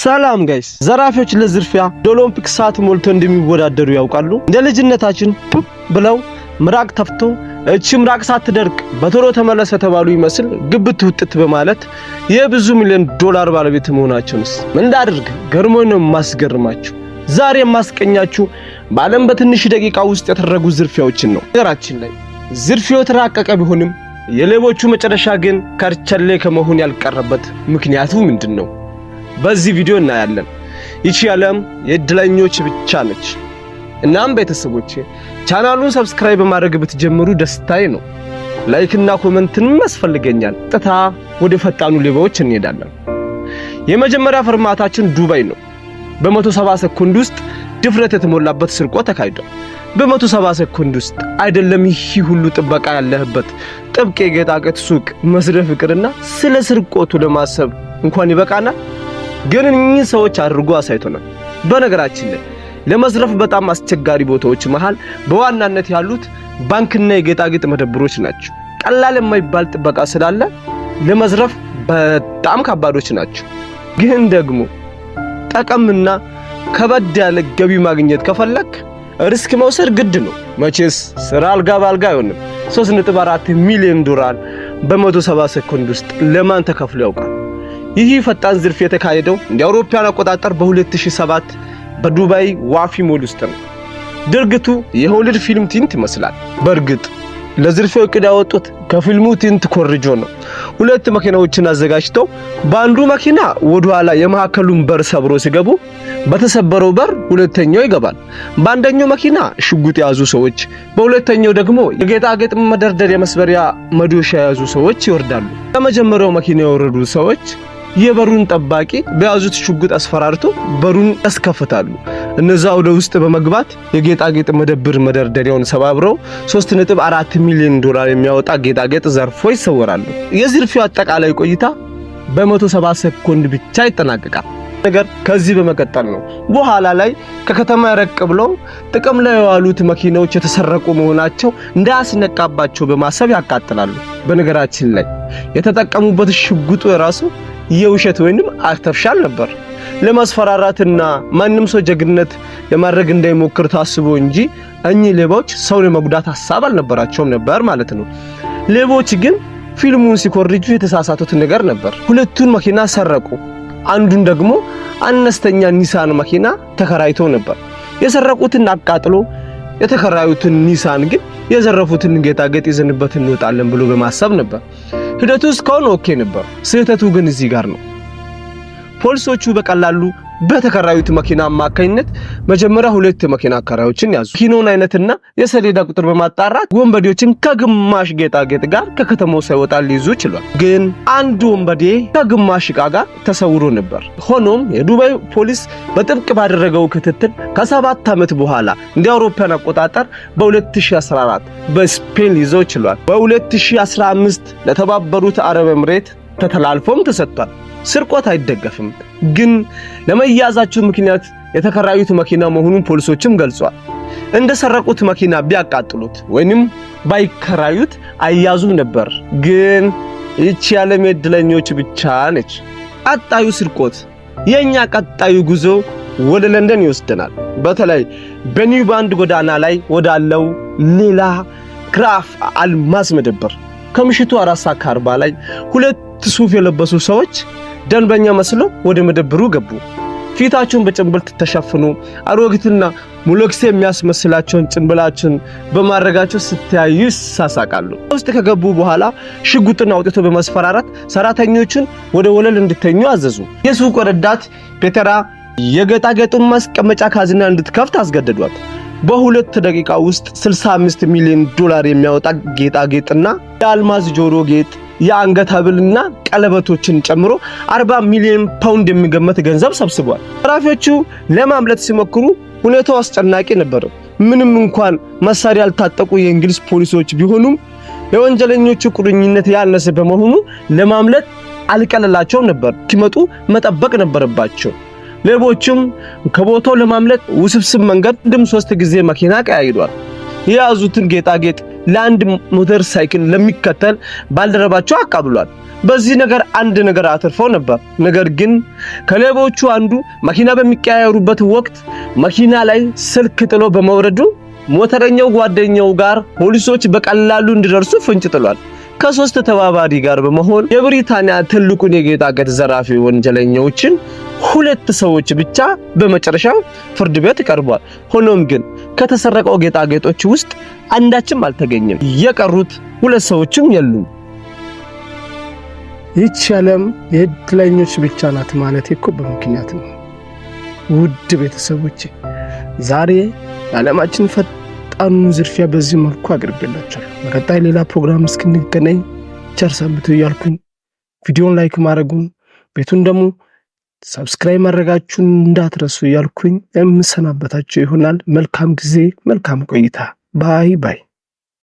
ሰላም ጋይስ፣ ዘራፊዎች ለዝርፊያ ለኦሎምፒክ ሰዓት ሞልቶ እንደሚወዳደሩ ያውቃሉ። እንደ ልጅነታችን ፑፕ ብለው ምራቅ ተፍቶ እቺ ምራቅ ሳትደርቅ በቶሎ ተመለሰ ተባሉ ይመስል ግብት ውጥት በማለት የብዙ ሚሊዮን ዶላር ባለቤት መሆናቸውንስ እንዳድርግ ገርሞ ነው የማስገርማችሁ። ዛሬ የማስቀኛችሁ በዓለም በትንሽ ደቂቃ ውስጥ የተደረጉ ዝርፊያዎችን ነው። ነገራችን ላይ ዝርፊያው የተራቀቀ ቢሆንም የሌቦቹ መጨረሻ ግን ከርቸሌ ከመሆን ያልቀረበት ምክንያቱ ምንድን ነው? በዚህ ቪዲዮ እናያለን። ይቺ ዓለም የእድለኞች ብቻ ነች። እናም ቤተሰቦቼ ቻናሉን ሰብስክራይብ ማድረግ ብትጀምሩ ደስታዬ ነው። ላይክና ኮመንትን ያስፈልገኛል። ጥታ ወደ ፈጣኑ ሌባዎች እንሄዳለን። የመጀመሪያ ፈርማታችን ዱባይ ነው። በ170 ሰኮንድ ውስጥ ድፍረት የተሞላበት ስርቆት ተካሂዷል። በ170 ሰኮንድ ውስጥ አይደለም ይህ ሁሉ ጥበቃ ያለህበት ጥብቅ የጌጣጌጥ ሱቅ መስደፍ ፍቅርና ስለ ስርቆቱ ለማሰብ እንኳን ይበቃናል። ግን እኚህ ሰዎች አድርጎ አሳይቶናል። በነገራችን ላይ ለመዝረፍ በጣም አስቸጋሪ ቦታዎች መሃል በዋናነት ያሉት ባንክና የጌጣጌጥ መደብሮች ናቸው። ቀላል የማይባል ጥበቃ ስላለ ለመዝረፍ በጣም ከባዶች ናቸው። ግን ደግሞ ጠቀምና ከበድ ያለ ገቢ ማግኘት ከፈለክ ሪስክ መውሰድ ግድ ነው። መቼስ ስራ አልጋ በአልጋ አይሆንም። 3.4 ሚሊዮን ዶላር በ170 ሰኮንድ ውስጥ ለማን ተከፍሎ ያውቃል? ይህ ፈጣን ዝርፍ የተካሄደው እንደ አውሮፓውያን አቆጣጠር በ2007 በዱባይ ዋፊ ሞል ውስጥ ነው። ድርግቱ የሆሊውድ ፊልም ቲንት ይመስላል። በእርግጥ ለዝርፊያው ዕቅድ ያወጡት ከፊልሙ ቲንት ኮርጆ ነው። ሁለት መኪናዎችን አዘጋጅተው በአንዱ መኪና ወደ ኋላ የመካከሉን በር ሰብሮ ሲገቡ በተሰበረው በር ሁለተኛው ይገባል። በአንደኛው መኪና ሽጉጥ የያዙ ሰዎች፣ በሁለተኛው ደግሞ የጌጣጌጥ መደርደር መስበሪያ መዶሻ የያዙ ሰዎች ይወርዳሉ። ከመጀመሪያው መኪና የወረዱ ሰዎች የበሩን ጠባቂ በያዙት ሽጉጥ አስፈራርቶ በሩን ያስከፍታሉ። እነዛ ወደ ውስጥ በመግባት የጌጣጌጥ መደብር መደርደሪያውን ሰባብረው 3.4 ሚሊዮን ዶላር የሚያወጣ ጌጣጌጥ ዘርፎ ይሰወራሉ። የዝርፊው አጠቃላይ ቆይታ በ170 ሴኮንድ ብቻ ይጠናቀቃል። ነገር ከዚህ በመቀጠል ነው። በኋላ ላይ ከከተማ ረቅ ብለው ጥቅም ላይ የዋሉት መኪናዎች የተሰረቁ መሆናቸው እንዳያስነቃባቸው በማሰብ ያቃጥላሉ። በነገራችን ላይ የተጠቀሙበት ሽጉጡ የራሱ የውሸት ወይንም አርተፍሻል ነበር። ለማስፈራራትና ማንም ሰው ጀግንነት ለማድረግ እንዳይሞክር ታስቦ እንጂ እኚህ ሌባዎች ሰውን የመጉዳት ሀሳብ አልነበራቸውም ነበር ማለት ነው። ሌባዎች ግን ፊልሙን ሲኮርጁ የተሳሳቱት ነገር ነበር። ሁለቱን መኪና ሰረቁ። አንዱን ደግሞ አነስተኛ ኒሳን መኪና ተከራይቶ ነበር። የሰረቁትን አቃጥሎ የተከራዩትን ኒሳን ግን የዘረፉትን ጌጣጌጥ ይዘንበት እንወጣለን ብሎ በማሰብ ነበር። ሂደቱ እስካሁን ኦኬ ነበር። ስህተቱ ግን እዚህ ጋር ነው። ፖሊሶቹ በቀላሉ በተከራዩት መኪና አማካኝነት መጀመሪያ ሁለት መኪና አከራዮችን ያዙ። መኪናውን አይነትና የሰሌዳ ቁጥር በማጣራት ወንበዴዎችን ከግማሽ ጌጣጌጥ ጋር ከከተማው ሳይወጣ ሊይዙ ችሏል። ግን አንድ ወንበዴ ከግማሽ እቃ ጋር ተሰውሮ ነበር። ሆኖም የዱባይ ፖሊስ በጥብቅ ባደረገው ክትትል ከሰባት ዓመት በኋላ እንደ አውሮፓውያን አቆጣጠር በ2014 በስፔን ሊይዘው ችሏል። በ2015 ለተባበሩት አረብ ኤምሬት ተተላልፎም ተሰጥቷል። ስርቆት አይደገፍም፣ ግን ለመያዛቸው ምክንያት የተከራዩት መኪና መሆኑን ፖሊሶችም ገልጿል። እንደሰረቁት መኪና ቢያቃጥሉት ወይንም ባይከራዩት አይያዙም ነበር። ግን ይቺ የዓለም ዕድለኞች ብቻ ነች። ቀጣዩ ስርቆት የእኛ ቀጣዩ ጉዞ ወደ ለንደን ይወስደናል። በተለይ በኒው ባንድ ጎዳና ላይ ወዳለው ሌላ ግራፍ አልማዝ መደብር ከምሽቱ አራት ሰዓት ከአርባ ላይ ሁለት ሁለት ሱፍ የለበሱ ሰዎች ደንበኛ መስለው ወደ መደብሩ ገቡ። ፊታቸውን በጭንብል ተሸፍኑ አሮጊትና ሙሎክሴ የሚያስመስላቸውን ጭንብላቸውን በማድረጋቸው ስተያዩ ይሳሳቃሉ። ውስጥ ከገቡ በኋላ ሽጉጥን አውጥቶ በማስፈራራት ሰራተኞችን ወደ ወለል እንድተኙ አዘዙ። የሱቅ ረዳት ፔተራ የጌጣጌጡን ማስቀመጫ ካዝና እንድትከፍት አስገደዷት። በሁለት ደቂቃ ውስጥ 65 ሚሊዮን ዶላር የሚያወጣ ጌጣጌጥና የአልማዝ ጆሮ ጌጥ የአንገት ሀብልና ቀለበቶችን ጨምሮ 40 ሚሊዮን ፓውንድ የሚገመት ገንዘብ ሰብስቧል። ዘራፊዎቹ ለማምለጥ ሲሞክሩ ሁኔታው አስጨናቂ ነበር። ምንም እንኳን መሳሪያ ያልታጠቁ የእንግሊዝ ፖሊሶች ቢሆኑም የወንጀለኞቹ ቁርኝነት ያነሰ በመሆኑ ለማምለጥ አልቀለላቸውም ነበር። ሲመጡ መጠበቅ ነበረባቸው። ሌቦቹም ከቦታው ለማምለጥ ውስብስብ መንገድ ድም ሶስት ጊዜ መኪና ቀያይዷል። የያዙትን ጌጣጌጥ ለአንድ ሞተር ሳይክል ለሚከተል ባልደረባቸው አቃብሏል። በዚህ ነገር አንድ ነገር አትርፈው ነበር። ነገር ግን ከሌቦቹ አንዱ መኪና በሚቀያየሩበት ወቅት መኪና ላይ ስልክ ጥሎ በመውረዱ ሞተረኛው ጓደኛው ጋር ፖሊሶች በቀላሉ እንዲደርሱ ፍንጭ ጥሏል። ከሶስት ተባባሪ ጋር በመሆን የብሪታንያ ትልቁን የጌጣጌጥ ዘራፊ ወንጀለኞችን ሁለት ሰዎች ብቻ በመጨረሻ ፍርድ ቤት ቀርቧል። ሆኖም ግን ከተሰረቀው ጌጣጌጦች ውስጥ አንዳችም አልተገኘም። የቀሩት ሁለት ሰዎችም የሉም። ይህች ዓለም የዕድለኞች ብቻ ናት ማለት እኮ በምክንያት ነው። ውድ ቤተሰቦች ዛሬ የዓለማችን የህፃኑን ዝርፊያ በዚህ መልኩ አቅርቤላችኋል። በቀጣይ ሌላ ፕሮግራም እስክንገናኝ ቸር ሰንብቱ እያልኩኝ ቪዲዮን ላይክ ማድረጉን ቤቱን ደግሞ ሰብስክራይብ ማድረጋችሁን እንዳትረሱ እያልኩኝ የምሰናበታቸው ይሆናል። መልካም ጊዜ፣ መልካም ቆይታ። ባይ ባይ።